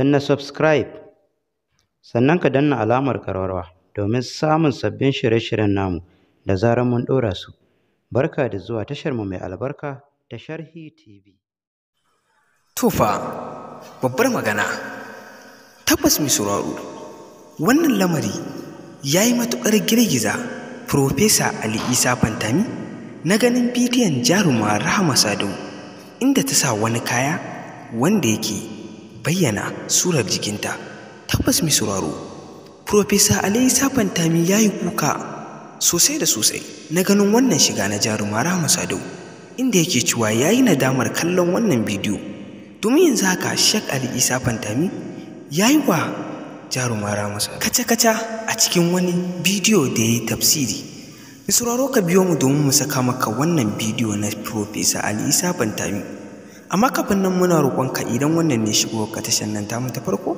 na subscribe sannan ka danna alamar karwarwa domin samun sabbin shirye-shiryen namu da zarar mun ɗora su barka da zuwa tashar mu mai albarka ta sharhi tv tufa babbar magana tabbas mai sauraro wannan lamari ya yi matuƙar girgiza Profesa ali isa fantami na ganin bidiyon jaruma rahama sadau inda ta sa wani kaya wanda yake bayyana surar jikinta tabbas mai sauraro profesa safan tami ya yi kuka sosai da sosai na ganin wannan shiga na jarumara rahama sadau inda yake cewa ya yi nadamar kallon wannan bidiyo domin yanzu haka shek ali isa fantami ya yi wa jaruma rahama sadau kaca-kaca a cikin wani bidiyo da ya yi tafsiri misuraro ka biyo mu domin mu saka maka wannan bidiyo na profesa ali isa fantami amma kafin nan muna roƙonka idan wannan ne shigo ka tashar nan tamu ta farko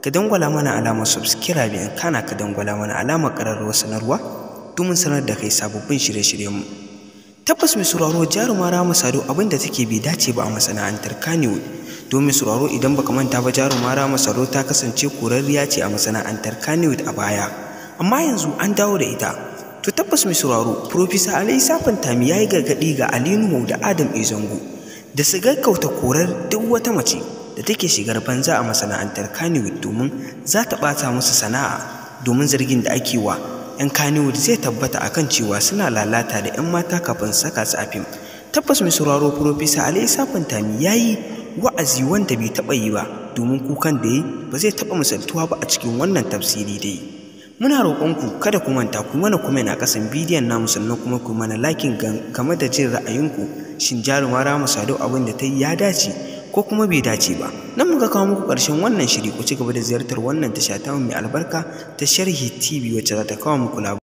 ka dangwala mana alamar subscribe in kana ka dangwala mana alamar ƙararrawa sanarwa domin sanar da kai sababbin shirye-shiryenmu tabbas mai sauraro jaruma rama sado abin da take bai dace ba a masana'antar kanewood domin sauraro idan baka manta ba jaruma rama sado ta kasance korarriya ce a masana'antar kanewood a baya amma yanzu an dawo da ita to tabbas mai sauraro profesa alai safin tami ya yi gargaɗi ga alinu da adam izangu. da su gaggauta korar duk wata mace da take shigar banza a masana'antar Kannywood domin za ta ɓata musu sana'a domin zargin da ake wa 'yan Kannywood zai tabbata akan cewa suna lalata da 'yan mata kafin saka su a fim. Tabbas mai sauraro Profesa Ali Isa ya yi wa'azi wanda bai taɓa yi ba domin kukan da yi ba zai taɓa misaltuwa ba a cikin wannan tafsiri dai. Muna roƙonku kada ku manta ku mana kuma na ƙasan bidiyon namu sannan kuma ku mana lakin game da jin ra'ayinku shin jaruma rama sadau abin da ta yi ya dace ko kuma bai dace ba nan muka kawo muku ƙarshen wannan shiri ku ci gaba da ziyartar wannan tasha ta mai albarka ta sharhi tv wacce za ta kawo muku labarai